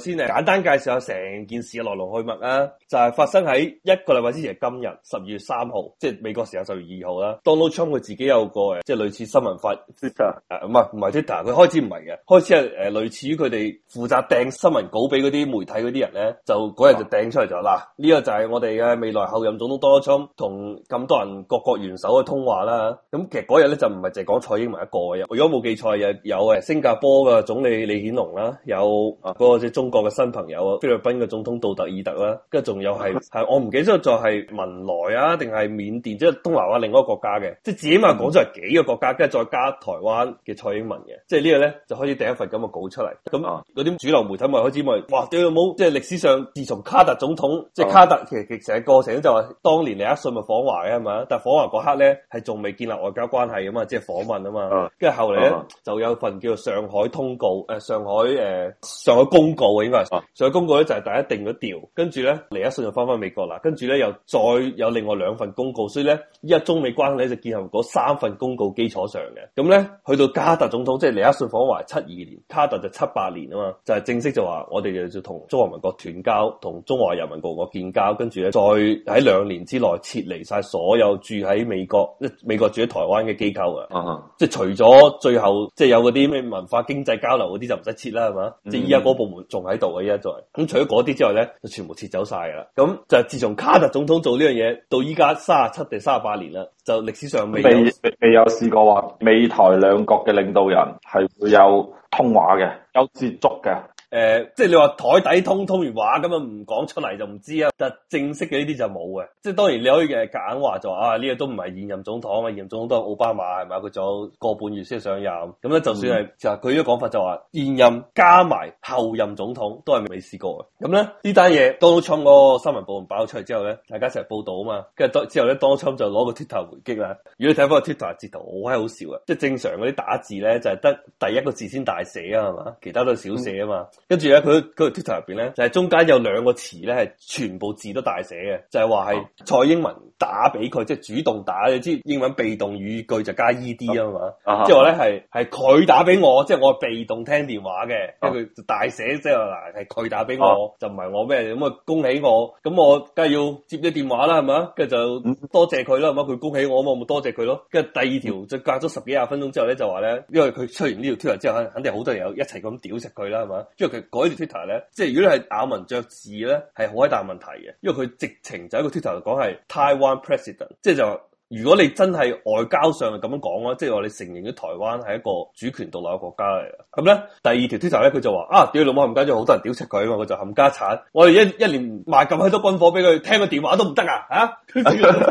先誒簡單介紹下成件事嘅內容去脈乜啦？就係，是，發生喺一個禮拜之前，今日十二月三號，即係美國時間十二月二號啦。Donald Trump 佢自己有個誒，即係類似新聞發。Twitter 啊，唔係唔係 Twitter，佢開始唔係嘅。開始係類似佢哋負責掟新聞稿俾嗰啲媒體嗰啲人咧，就嗰日就掟出嚟咗啦。呢、啊這個就係我哋嘅未來後任總統 Donald Trump 同咁多人各國元首嘅通話啦。咁其實嗰日咧就唔係淨係講蔡英文一個嘅，如果冇記錯有有新加坡嘅總理李顯龍啦，有嗰個即中。國嘅新朋友啊，菲律賓嘅總統杜特爾特啦，跟住仲有係係 我唔記得咗，就係文萊啊，定係緬甸，即係東南亞、啊、另一個國家嘅，即自己少講咗係幾個國家，跟住再加台灣嘅蔡英文嘅，即係呢個咧就開始第一份咁嘅稿出嚟，咁啊嗰啲主流媒體咪開始咪、就是、哇屌有冇，即係歷史上自從卡特總統即係卡特 其實成日講成個過程就話，當年尼克遜咪訪華嘅係嘛，但係訪華嗰刻咧係仲未建立外交關係啊嘛，即係訪問啊嘛，跟 住後嚟咧就有份叫做上海通告，誒、呃、上海誒、呃、上海公告。應該係、啊，上個公告咧就係大家定咗調，跟住咧尼克遜就翻翻美國啦，跟住咧又再有另外兩份公告，所以咧依家中美關係就建喺嗰三份公告基礎上嘅。咁咧去到卡特總統，即係尼克遜訪華七二年，卡特就七八年啊嘛，就係、是、正式就話我哋就同中華民國斷交，同中華人民共和國建交，跟住咧再喺兩年之內撤離晒所有住喺美國、美國住喺台灣嘅機構了啊，即係除咗最後即係有嗰啲咩文化經濟交流嗰啲就唔使撤啦，係、嗯、嘛？即係依家嗰個部門仲係。喺度嘅依家就係、是、咁除咗嗰啲之外咧，就全部撤走晒噶啦。咁就係自從卡特總統做呢樣嘢到依家三十七定三十八年啦，就歷史上未未未，未有試過話，美台兩國嘅領導人係會有通話嘅，有接觸嘅。誒、呃，即係你話台底通通完話咁啊，唔講出嚟，就唔知啊。但係正式嘅呢啲就冇嘅，即係當然你可以夾硬話就話啊，呢、這個都唔係現任總統啊，現任總統都係奧巴馬係嘛，佢仲有個半月先上任。咁咧就算係就佢呢個講法就話現任加埋後任總統都係未試過嘅。咁咧呢單嘢當初嗰個新聞部門爆出嚟之後咧，大家一齊報道啊嘛，跟住之後咧當初就攞個 Twitter 回擊啦。如果你睇翻個 Twitter 截圖好閪好笑嘅，即係正常嗰啲打字咧就係得第一個字先大寫啊，係嘛，其他都係小寫啊嘛。嗯跟住咧，佢佢 Twitter 入邊咧，就係、是、中間有兩個詞咧，係全部字都大寫嘅，就係話係蔡英文打俾佢，即係主動打，你知英文被動語句就加 ED 啊嘛。之後咧係，係佢打俾我，即、啊、係、就是、我被動聽電話嘅，跟、啊、住大寫即係嗱係佢打俾我，就唔、是、係我咩，咁啊恭喜我，咁我梗係要接啲電話啦，係嘛，跟住就多謝佢啦，咁嘛，佢恭喜我，咁我咪多謝佢咯。跟住第二條，就隔咗十幾廿分鐘之後咧，就話咧，因為佢出完呢條 Twitter 之後，肯定好多人有一齊咁屌食佢啦，係嘛，佢改條 Twitter 咧，即係如果你係咬文嚼字咧，係好閪大問題嘅，因為佢直情就喺個 Twitter 嚟講係 Taiwan President，即係就如果你真係外交上咁樣講啦，即係話你承認咗台灣係一個主權獨立嘅國家嚟嘅。咁咧第二條 Twitter 咧，佢就話啊，屌老母，冚家咗好多人屌出佢啊嘛，佢就冚家產。我哋一一年賣咁閪多軍火俾佢，聽個電話都唔得啊嚇！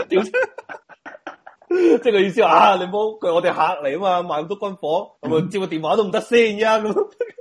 屌、啊！ 即係佢意思話啊，你好佢我哋客嚟啊嘛，賣咁多軍火，咁啊接個電話都唔得先呀，咁。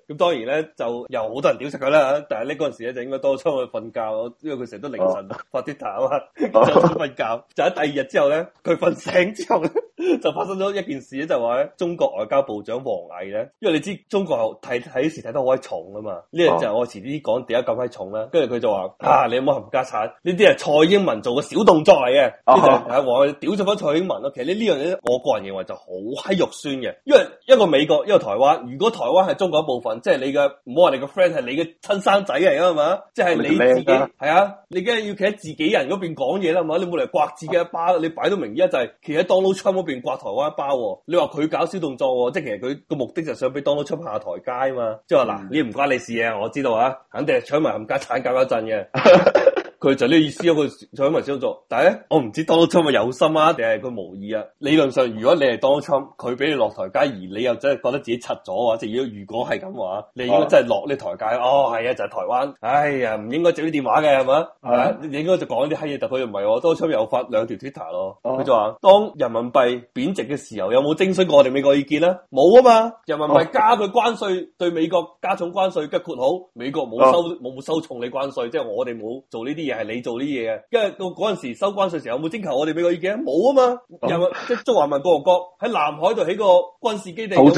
咁 當然咧就又好多人屌食佢啦，但係呢嗰陣時咧就應該多出去瞓覺，因為佢成日都凌晨、啊、發 twitter 啊瞓覺。啊、就喺第二日之後咧，佢瞓醒之後咧就發生咗一件事咧，就話、是、咧中國外交部長王毅咧，因為你知中國睇睇事睇得好鬼重啊嘛。呢樣就我遲啲講點解咁鬼重咧，跟住佢就話啊，你冇冚家鏟呢啲係蔡英文做個小動作嚟嘅，就、啊、喺王毅屌咗翻蔡英文。其實呢呢樣嘢，我個人認為就好閪肉酸嘅，因為一個美國，一個台灣。如果台灣係中國一部分，即係你嘅唔好話你個 friend 係你嘅親生仔嚟啊嘛，即係你自己係啊，啊，你梗係要企喺自己人嗰邊講嘢啦嘛，你冇嚟刮自己一巴， 你擺到明一就係企喺 Donald Trump 嗰邊刮台灣一巴，你話佢搞小動作，即係其實佢個目的就想俾 Donald Trump 下台階啊嘛，即係話嗱，你、嗯、唔關你事啊，我知道啊，肯定係搶埋冚家鏟搞一陣嘅。 佢 就呢個意思，佢想為之做。但係咧，我唔知當初咪有心啊，定係佢無意啊？理論上，如果你係當初佢俾你落台階，而你又真係覺得自己柒咗啊，即係如果如果係咁話，你應該真係落呢台階、啊。哦，係啊，就係、是、台灣。哎呀，唔應該接呢電話嘅係嘛？係、啊、你應該就講啲閪嘢，特係佢唔係。我當初又發兩條 Twitter 咯，佢、啊、就話當人民幣貶值嘅時候，有冇徵詢過我哋美國意見咧？冇啊嘛，人民幣加佢關稅、啊、對美國加重關稅嘅括號，美國冇收冇冇、啊、收重你關稅，即、就、係、是、我哋冇做呢啲。又係你做啲嘢嘅，因為到嗰陣時收關稅時候有冇徵求我哋俾個意見啊？冇啊嘛，嗯、又係即係中華人民共和國喺南海度起個軍事基地，有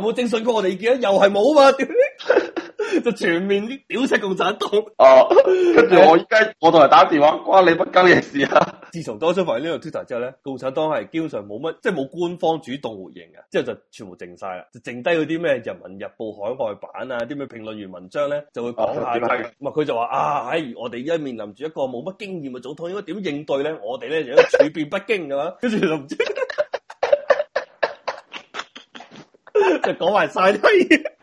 冇徵詢過我哋意見啊？又係冇啊嘛，就全面啲屌死共產黨哦、 啊，跟住我依家我同人打電話關你不鳩嘅事啊。自從當初發呢個 Twitter 之後咧，共產黨係基本上冇乜即係冇官方主動回應啊。之後就全部靜晒啦，就剩低嗰啲咩《人民日報》海外版啊，啲咩評論員文章咧就會講下嘅。唔係佢就話啊，喺、啊哎、我哋而家面臨住一個冇乜經驗嘅總統，應該點應對咧？我哋咧就處變不驚噶嘛，跟 住就唔知 就講埋晒堆。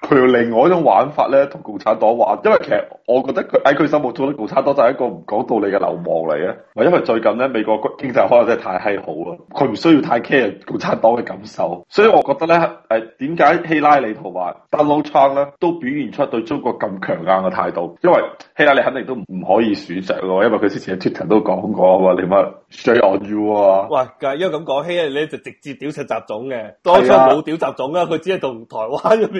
佢用另外一種玩法咧，同共產黨玩，因為其實我覺得佢喺佢心目中咧，共產黨就係一個唔講道理嘅流氓嚟嘅。因為最近咧，美國經濟可能真係太閪好啦，佢唔需要太 care 共產黨嘅感受。所以，我覺得咧，誒點解希拉里同埋 Donald Trump 咧都表現出對中國咁強硬嘅態度？因為希拉里肯定都唔可以選擇咯，因為佢之前喺 Twitter 都講過啊嘛，你乜？Shame on you 啊！哇，因為咁講，希拉里就直接屌柒雜種嘅，當初冇屌雜種啊，佢只係同台灣嗰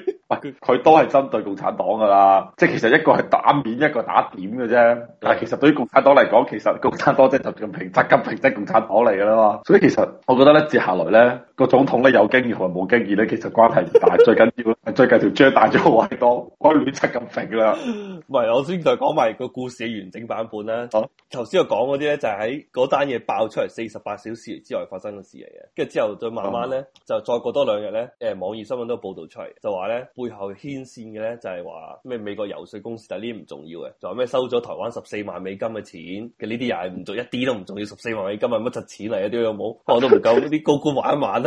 邊。 佢都係針對共產黨噶啦，即係其實一個係打面，一個係打點嘅啫。但係其實對於共產黨嚟講，其實共產黨即係習近平、習近平即係共產黨嚟㗎嘛。所以其實我覺得咧，接下來咧。個總統咧有經驗同冇經驗咧，其實關係唔大。最緊要 最近條章大咗好多，我亂七咁平啦。唔 係，我先再講埋個故事嘅完整版本啦。好、啊，頭先我講嗰啲咧，就喺嗰單嘢爆出嚟四十八小時之內發生嘅事嚟嘅。跟住之後再慢慢咧、啊，就再過多兩日咧，誒，網易新聞都報道出嚟，就話咧背後牽線嘅咧就係話咩美國游說公司，但係呢啲唔重要嘅。仲有咩收咗台灣十四萬美金嘅錢嘅呢啲又係唔重要，一啲都唔重要。十四萬美金係，乜柒錢嚟啊？啲有冇？我都唔夠啲高官玩一玩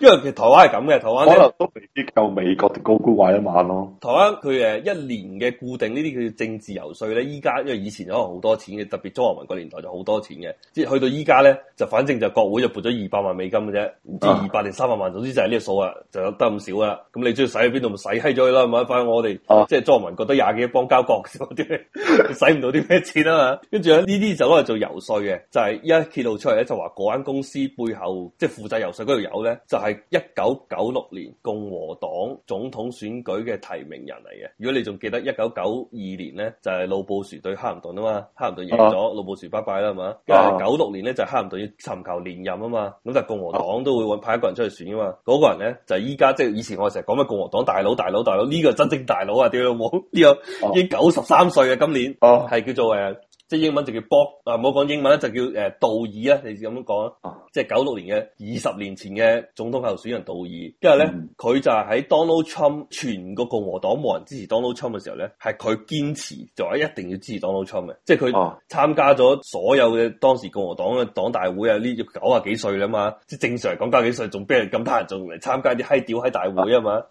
因為其實台灣係咁嘅，台灣可能都未必夠美國嘅高官玩一晚咯。台灣佢誒一年嘅固定呢啲叫政治游說咧，依家因為以前可能好多錢嘅，特別中華民國個年代就好多錢嘅，即係去到依家咧就反正就國會就撥咗二百萬美金嘅啫，唔、啊、知二百定三百萬，總之就係呢個數啊，就有得咁少啦。咁你中意使去邊度咪使閪咗去咯，反正我哋即係中華民國覺得廿幾邦交國少啲，使唔到啲咩錢啊嘛。跟住呢啲就攞嚟做游說嘅，就係、是、一揭露出嚟咧就話嗰間公司背後即係、就是、負責游說嗰條友咧就係、是。係一九九六年共和黨總統選舉嘅提名人嚟嘅。如果你仲記得一九九二年咧，就係、是、老布殊對克林頓啊嘛，克林頓贏咗，老、啊、布殊拜拜啦係嘛。跟住九六年咧就是、克林頓要尋求連任啊嘛。咁就共和黨都會搵派一個人出去選啊嘛。嗰、那個人咧就依家即係以前我哋成日講嘅共和黨大佬大佬大佬，呢、這個真正大佬啊，屌老母呢個已經九十三歲啊，今年係、啊、叫做誒、呃，即係英文就叫 Bob 啊，唔好講英文啦，就叫誒杜、呃、爾這啊，你咁樣講啊。即係九六年嘅二十年前嘅總統候選人杜爾，跟住咧佢就係喺 Donald Trump 全個共和黨冇人支持 Donald Trump 嘅時候咧，係佢堅持就話一定要支持 Donald Trump 嘅，即係佢參加咗所有嘅當時共和黨嘅黨大會,大會啊！呢要九啊幾歲啦嘛，即係正常講九啊幾歲仲俾人咁多人仲嚟參加啲閪屌喺大會啊嘛？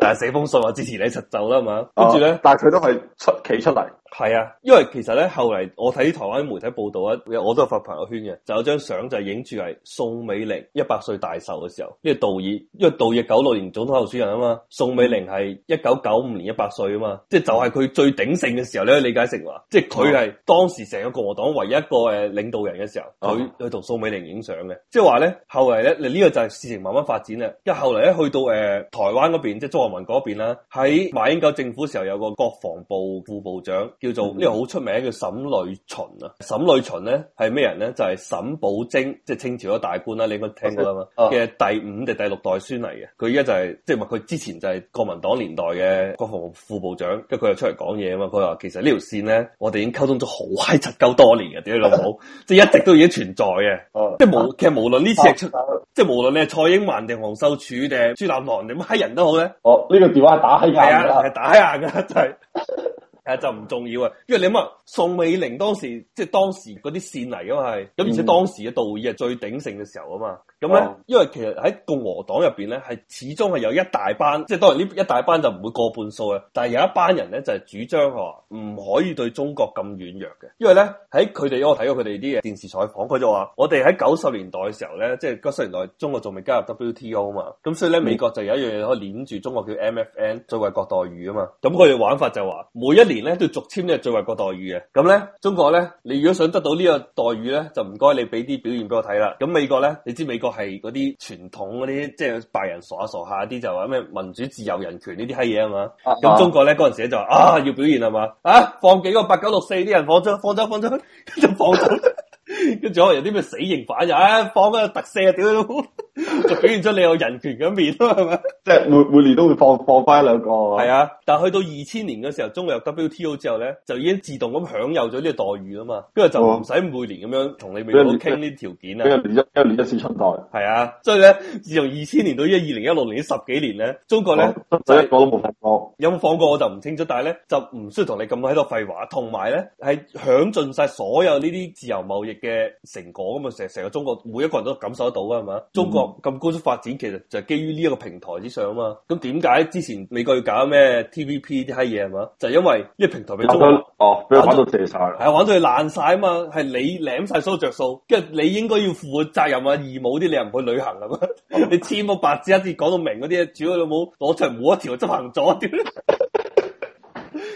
但係寫封信話支持你實就啦嘛，跟住咧，但係佢都係出企出嚟，係啊，因為其實咧後嚟我睇台灣媒體報道啊，我都有發朋友圈嘅，就有張相就係影住係。宋美齡一百歲大壽嘅時候，呢、這個杜爾，因為杜爾九六年總統候選人啊嘛，宋美齡係一九九五年一百歲啊嘛，即係就係、是、佢最鼎盛嘅時候咧，你可以理解成話，即係佢係當時成個共和黨唯一一個誒領導人嘅時候，佢去同宋美齡影相嘅，即係話咧後嚟咧，你、這、呢個就係事情慢慢發展啦，因為後嚟咧去到誒、呃、台灣嗰邊，即係中華民國嗰邊啦，喺馬英九政府嘅時候有個國防部副部長叫做呢、嗯這個好出名嘅沈呂巡啊，沈呂巡咧係咩人咧？就係、是、沈葆楨，即係清朝。那個、大官啦，你應該聽過啦嘛，嘅、啊、第五定第六代孫嚟嘅，佢依家就係即係話佢之前就係國民黨年代嘅國防副部長，跟住佢又出嚟講嘢啊嘛，佢話其實條呢條線咧，我哋已經溝通咗好嗨七溝多年嘅，屌你老母，即 係一直都已經存在嘅、啊，即係無其實無論呢次出、啊啊，即係無論你係蔡英文定洪秀柱定朱立倫定乜人都好咧，哦、啊、呢、這個電話打嗨硬啦，係、啊、打嗨硬噶真係。 就是 係就唔重要啊，因為你諗下宋美齡當時即係當時嗰啲線嚟噶嘛係，咁而且當時嘅道義係最鼎盛嘅時候啊嘛，咁咧、嗯、因為其實喺共和黨入邊咧係始終係有一大班，即係當然呢一大班就唔會過半數啊。但係有一班人咧就係、是、主張話唔可以對中國咁軟弱嘅，因為咧喺佢哋我睇過佢哋啲電視採訪，佢就話我哋喺九十年代嘅時候咧，即係九十年代中國仲未加入 WTO 啊嘛，咁所以咧美國就有一樣嘢可以鏈住中國叫 MFN 最惠國待遇啊嘛，咁佢哋玩法就話每一年咧都續簽咧，最惠國待遇嘅，咁咧中國咧，你如果想得到呢個待遇咧，就唔該你俾啲表現俾我睇啦。咁美國咧，你知美國係嗰啲傳統嗰啲，即係白人傻傻下啲就話咩民主、自由、人權呢啲閪嘢啊嘛。咁中國咧嗰陣時就啊要表現係嘛啊放幾個八九六四啲人放咗，放咗，放咗。跟住放咗，跟住 有啲咩死刑犯就啊，放個特赦屌、啊。就 表現咗你有人權嘅面咯，係咪？即係每每年都會放放翻一兩個，係啊。但係去到二千年嘅時候，中國入 WTO 之後咧，就已經自動咁享有咗呢個待遇啊嘛。跟、嗯、住就唔使每年咁樣同你美國傾呢啲條件啊。一年，一年一次出代，係啊。所以咧，自從二千年到一二零一六年呢十幾年咧，中國咧，一個都冇放，有、就、冇、是嗯、放過我就唔清楚。但係咧，就唔需要同你咁喺度廢話。同埋咧，係享盡晒所有呢啲自由貿易嘅成果咁嘛。成成個中國每一個人都感受得到噶係嘛？中國。.咁、哦、高速發展其實就係基於呢一個平台之上啊嘛，咁點解之前美國要搞咩 TVP 啲閪嘢係嘛？就係、因為呢個平台被捉啦，哦，被玩到跌晒，係玩到，玩到爛晒啊嘛，係你舐晒所着數，跟住你應該要負責任啊，義務啲你又唔去履行啊嘛，你千冇八字，一字講到明嗰啲，主要你冇攞出嚟，冇一條執行咗，點咧？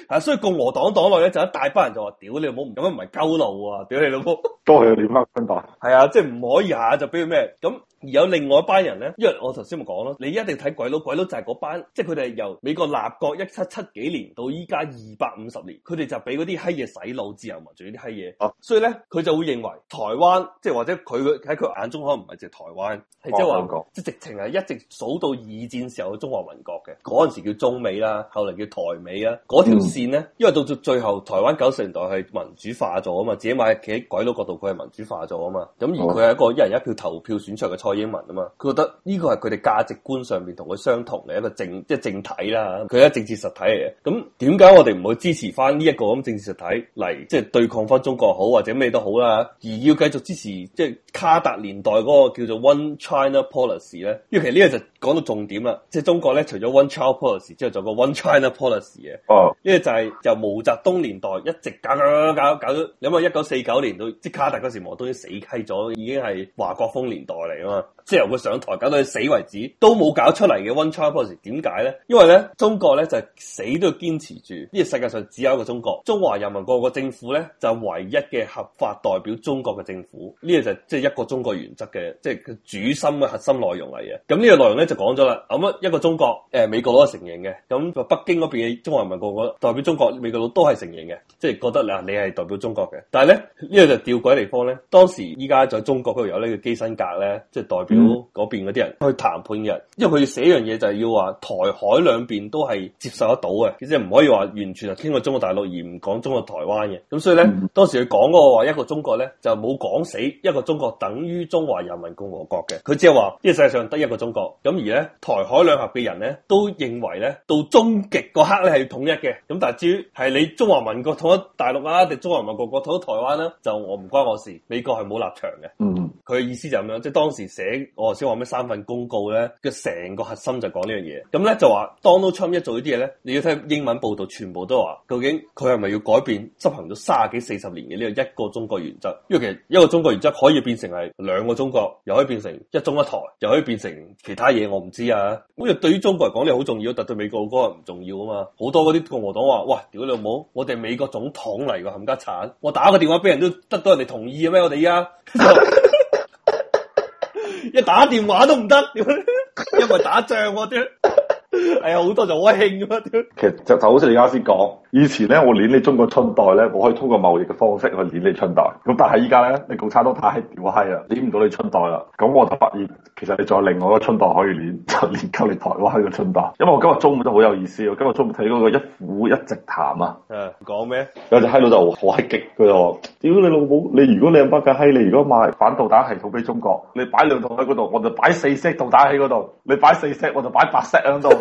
係、啊，所以共和黨黨，黨內咧就一大班人就話：屌你冇唔咁樣，唔係鳩路啊！屌你老母，多謝你啊，兄弟。係啊，即係唔可以啊！就俾佢咩咁，而有另外一班人咧，因為我頭先咪講咯，你一定睇鬼佬，鬼佬就係嗰班，即係佢哋由美國立國一七七幾年到依家二百五十年，佢哋就俾嗰啲閪嘢洗腦，自由民主啲閪嘢。所以咧佢就會認為台灣，即係或者佢喺佢眼中可能唔係只台灣，係即係話即直情係一直數到二戰時候嘅中華民國嘅，嗰陣時叫中美啦、啊，後嚟叫台美啊。條、嗯。因為到最最後，台灣九十年代係民主化咗啊嘛，自己買，企喺鬼佬角度，佢係民主化咗啊嘛，咁而佢係一個一人一票投票選出嘅蔡英文啊嘛，佢覺得呢個係佢哋價值觀上面同佢相同嘅一個政，即係政體啦，佢係一個政治實體嚟嘅。咁點解我哋唔去支持翻呢一個咁政治實體嚟，即係對抗翻中國好，或者咩都好啦，而要繼續支持即係卡達年代嗰個叫做 One China Policy 咧？因為其實呢個就講到重點啦，即係中國咧，除咗 One Child Policy 之後，仲有個 One China Policy 嘅哦，因就是、毛澤東年代一直搞搞搞搞咗，因為一九四九年到即卡特嗰時候，毛澤東已經死閪咗，已經係華國鋒年代嚟啊嘛。即係由佢上台搞到佢死為止，都冇搞出嚟嘅 One China Policy 點解咧？因為咧中國咧就是、死都要堅持住，呢、這個世界上只有一個中國，中華人民共和國政府咧就係、是、唯一嘅合法代表中國嘅政府。呢、這個就即係一個中國原則嘅，即係佢主心嘅核心內容嚟嘅。咁、這個、呢個內容咧就講咗啦，咁啊一個中國，美國佬係承認嘅。咁北京嗰邊嘅中華人民共和代表中國，美國佬都係承認嘅，即係覺得你係代表中國嘅。但係咧呢、這個就吊詭地方咧，當時依家在，在中國嗰度有呢個基辛格咧，即、就、係、是、代表。嗰邊嗰啲人去談判嘅，因為佢要寫一樣嘢就係要話台海兩邊都係接受得到嘅，其實唔可以話完全係傾喺中國大陸而唔講中國台灣嘅。咁所以咧，當時佢講嗰個話一個中國咧就冇講死一個中國等於中華人民共和國嘅，佢只係話呢個世界上得一個中國。咁而咧台海兩合嘅人咧都認為咧到終極嗰刻咧係要統一嘅。咁但係至於係你中華民國統一大陸啊，定中華民國國統一台灣啦，就我唔關我事。美國係冇立場嘅。嗯，佢嘅意思就咁樣，即係當時寫。我頭先話咩三份公告咧，佢成個核心就講呢樣嘢。咁咧就話 Donald Trump 一做呢啲嘢咧，你要聽英文報道，全部都話究竟佢係咪要改變執行咗卅幾四十年嘅呢個一個中國原則？因為其實一個中國原則可以變成係兩個中國，又可以變成一中一台，又可以變成其他嘢，我唔知啊。咁就對於中國嚟講呢好重要，但對美國嗰個唔重要啊嘛。好多嗰啲共和黨話：哇，屌你老母，我哋美國總統嚟嘅冚家鏟，我打個電話俾人都得到人哋同意嘅咩？我哋依家。 一打電話都唔得，因為打仗嗰啲，好、 哎、多就好興咁其實就好似你啱先講。以前咧，我攠你中國春代咧，我可以通過貿易嘅方式去攠你春代。咁但係依家咧，你共產黨太屌閪啦，攠唔到你春代啦。咁我就發現，其實你仲有另外一個春代可以攠，就攠隔籬台灣嘅春代。因為我今日中午都好有意思，我今日中午睇嗰個一虎一席談啊。誒，講咩？有隻閪佬就好閪激，佢就話，哎，屌你老母！你如果你係北港閪，你如果買反導彈系統俾中國，你擺兩套喺嗰度，我就擺四 set 導彈喺嗰度。你擺四色，我就擺八 set 喺度。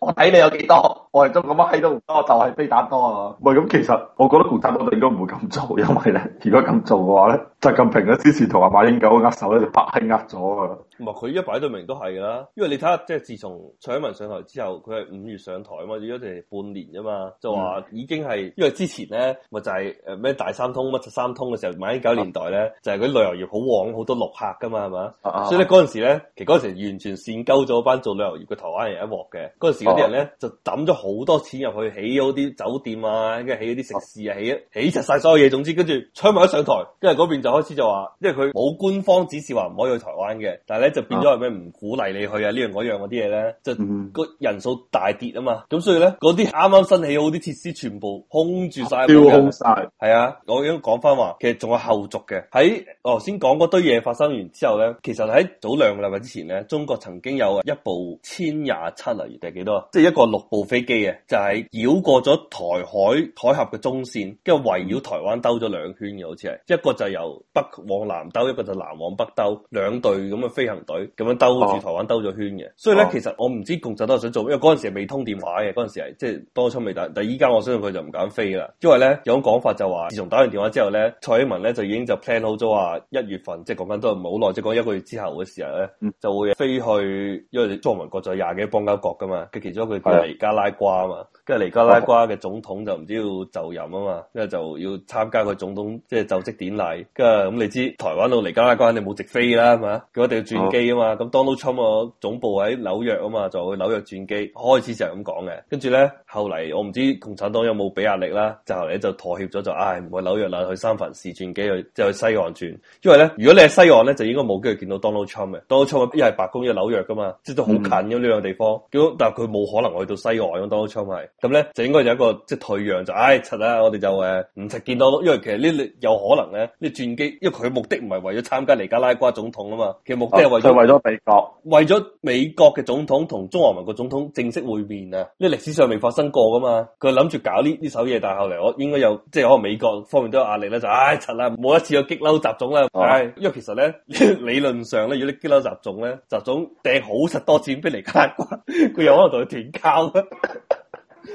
我睇你有幾多？我哋都咁乜閪都唔多，就係、是、飛彈多啊！唔係咁，其實我覺得共產黨佢應該唔會咁做，因為咧，如果咁做嘅話咧，習近平之前同阿馬英九握手咧就白係握咗啊！唔係佢一擺到明都係啦，因為你睇下，即係自從蔡英文上台之後，佢係五月上台啊嘛，只係半年啫嘛，就話已經係因為之前咧，咪就係誒咩大三通乜十三通嘅時候，馬英九年代咧就係嗰啲旅遊業好旺，好多陸客噶嘛係嘛、啊啊啊，所以咧嗰陣時咧，其實嗰陣時完全跣鳩咗班做旅遊業嘅台灣人一鑊嘅，嗰陣時嗰啲人咧、啊啊、就抌咗。好多錢入去起嗰啲酒店啊，跟住起嗰啲食肆啊，起啊，起晒所有嘢。總之跟住槍埋一上台，跟住嗰邊就開始就話，因為佢冇官方指示話唔可以去台灣嘅，但係咧就變咗係咩？唔鼓勵你去啊，呢樣嗰樣嗰啲嘢咧，就個人數大跌啊嘛。咁所以咧，嗰啲啱啱新起好啲設施全部空住曬，調空曬。係啊，我已經講翻話，其實仲有後續嘅。喺我頭先講嗰堆嘢發生完之後咧，其實喺早兩個禮拜之前咧，中國曾經有一部千廿七啊，定係幾多？啊？即係一個六部飛機。嘅就係、是、繞過咗台海海峽嘅中線，跟住圍繞台灣兜咗兩圈嘅，好似係一個就由北往南兜，一個就南往北兜，兩隊咁嘅飛行隊咁樣兜住台灣兜咗圈嘅、啊。所以咧，其實我唔知共產黨係想做咩，因為嗰陣時係未通電話嘅，嗰陣時係即係多春未打，但但依家我相信佢就唔敢飛啦，因為咧有種講法就話，自從打完電話之後咧，蔡英文咧就已經就 plan 好咗話一月份，即係講緊都唔好耐，即係講一個月之後嘅時候咧、嗯，就會飛去因為中華民國在廿幾邦交國噶嘛，嘅其中一個就係尼加拉。花嘛。即係尼加拉瓜嘅總統就唔知要就任啊嘛，跟住就要參加佢總統即係就職典禮。跟住咁你知台灣到尼加拉瓜你冇直飛啦，係嘛？佢一定要轉機啊嘛。咁 Donald Trump 個總部喺紐約啊嘛，就去紐約轉機。開始就係咁講嘅，跟住咧後嚟我唔知共產黨有冇俾壓力啦，就後嚟就妥協咗，就唉唔去紐約啦，去三藩市轉機，又即係去西岸轉。因為咧如果你喺西岸咧，就應該冇機會見到 Donald Trump 嘅。Donald Trump 又係白宮，又係紐約噶嘛，即都好近咁呢兩個地方。咁但係佢冇可能去到西岸啊，Donald Trump 係。咁咧就應該有一個即係、就是、退讓就，唉、哎，柒啦、啊，我哋就誒唔柒見到咯。因為其實呢有可能咧，呢轉機，因為佢目的唔係為咗參加尼加拉瓜總統啊嘛，其實目的係為咗、啊、為咗美國，為咗美國嘅總統同中華民國總統正式會面啊！呢歷史上未發生過噶嘛，佢諗住搞呢呢首嘢，但係後嚟我應該有即係可能美國方面都有壓力咧，就唉，柒、哎、啦，冇、啊、一次有激嬲習總啦，唉、啊哎，因為其實咧理論上咧，如果激嬲習總咧，習總掟好實多錢俾尼加拉瓜，佢有可能同佢斷交啊。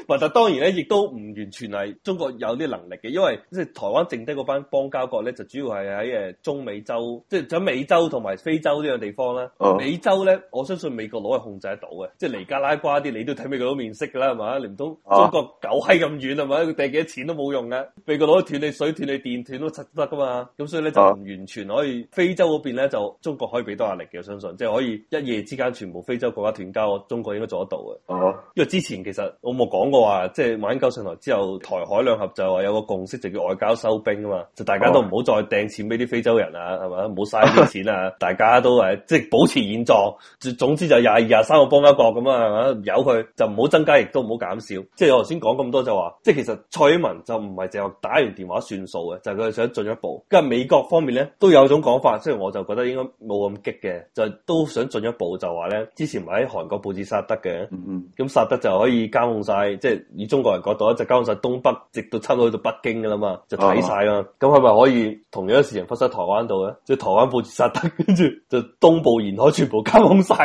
或者當然咧，亦都唔完全係中國有啲能力嘅，因為即係台灣剩低嗰班邦交國咧，就主要係喺誒中美洲，即係喺美洲同埋非洲呢個地方啦。啊、美洲咧，我相信美國佬係控制得到嘅，即係尼加拉瓜啲你都睇美國佬面色㗎啦，係嘛？你唔通中國狗閪咁遠係咪？佢掟幾多錢都冇用嘅，美國佬斷你水、斷你電、斷都得㗎嘛。咁所以咧就唔完全可以非洲嗰邊咧就中國可以俾多壓力嘅，我相信即係、就是、可以一夜之間全部非洲國家斷交，中國應該做得到嘅。啊、因為之前其實我冇講過話，即係馬英九上台之後，台海兩合就話有個共識，就叫外交收兵啊嘛，就大家都唔好再掟錢俾啲非洲人啊，係咪？唔好嘥啲錢啊， 大家都係，即係保持現狀。總之就廿二廿三個邦交國咁啊，係咪？由佢就唔好增加，亦都唔好減少。即係我頭先講咁多，就話即係其實蔡英文就唔係淨係打完電話算數嘅，就佢、係、想進一步。跟住美國方面咧，都有一種講法，雖然我就覺得應該冇咁激嘅，就都想進一步，就話咧之前喺韓國佈置薩德嘅，咁、嗯、薩、嗯、德就可以監控晒。係即係以中國人角度，一直監控晒東北，直到差唔多去到北京噶啦嘛，就睇晒啦。咁係咪可以同樣嘅事情發生台灣度咧？即係台灣布置晒，跟住就東部沿海全部監控晒。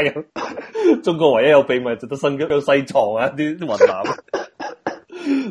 中國唯一有秘密就得新疆、西藏啊啲雲南。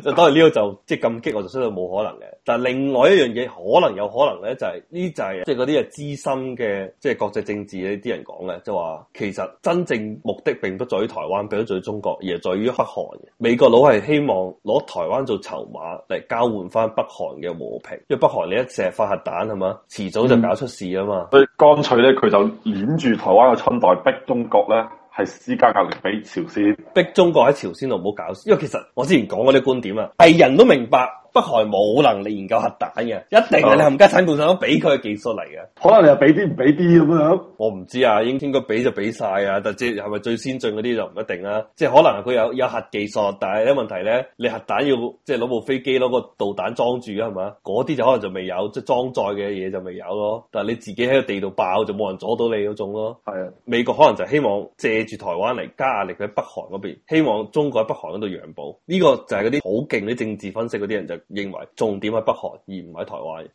就 當然呢個就即係咁激，我就知道冇可能嘅。但係另外一樣嘢可能有可能咧，就係、是、呢就係即係嗰啲啊資深嘅即係國際政治呢啲人講嘅，就話、是、其實真正目的並不在於台灣，並不在於中國，而係在於北韓嘅。美國佬係希望攞台灣做籌碼嚟交換翻北韓嘅和平，因為北韓你一射發核彈係嘛，遲早就搞出事啊嘛、嗯，所以乾脆咧佢就捏住台灣嘅春袋逼中國咧。係私家教練俾朝鮮逼中國喺朝鮮度唔好搞事，因為其實我之前講嗰啲觀點啊，係人都明白。北韓冇能力研究核彈嘅，一定係你冚家產部都俾佢嘅技術嚟嘅，嗯、給給是是可能你又俾啲唔俾啲咁樣。我唔知啊，應該俾就俾晒啊，但係即係咪最先進嗰啲就唔一定啦。即係可能佢有有核技術，但係啲問題咧，你核彈要即係攞部飛機攞個導彈裝住啊，係嘛？嗰啲就可能就未有，即係裝載嘅嘢就未有咯。但係你自己喺個地度爆就冇人阻到你嗰種咯。係啊，美國可能就希望借住台灣嚟加力，佢喺北韓嗰邊，希望中國喺北韓嗰度讓步。呢、這個就係嗰啲好勁啲政治分析嗰啲人就。認為重點係北韓，而唔係台灣。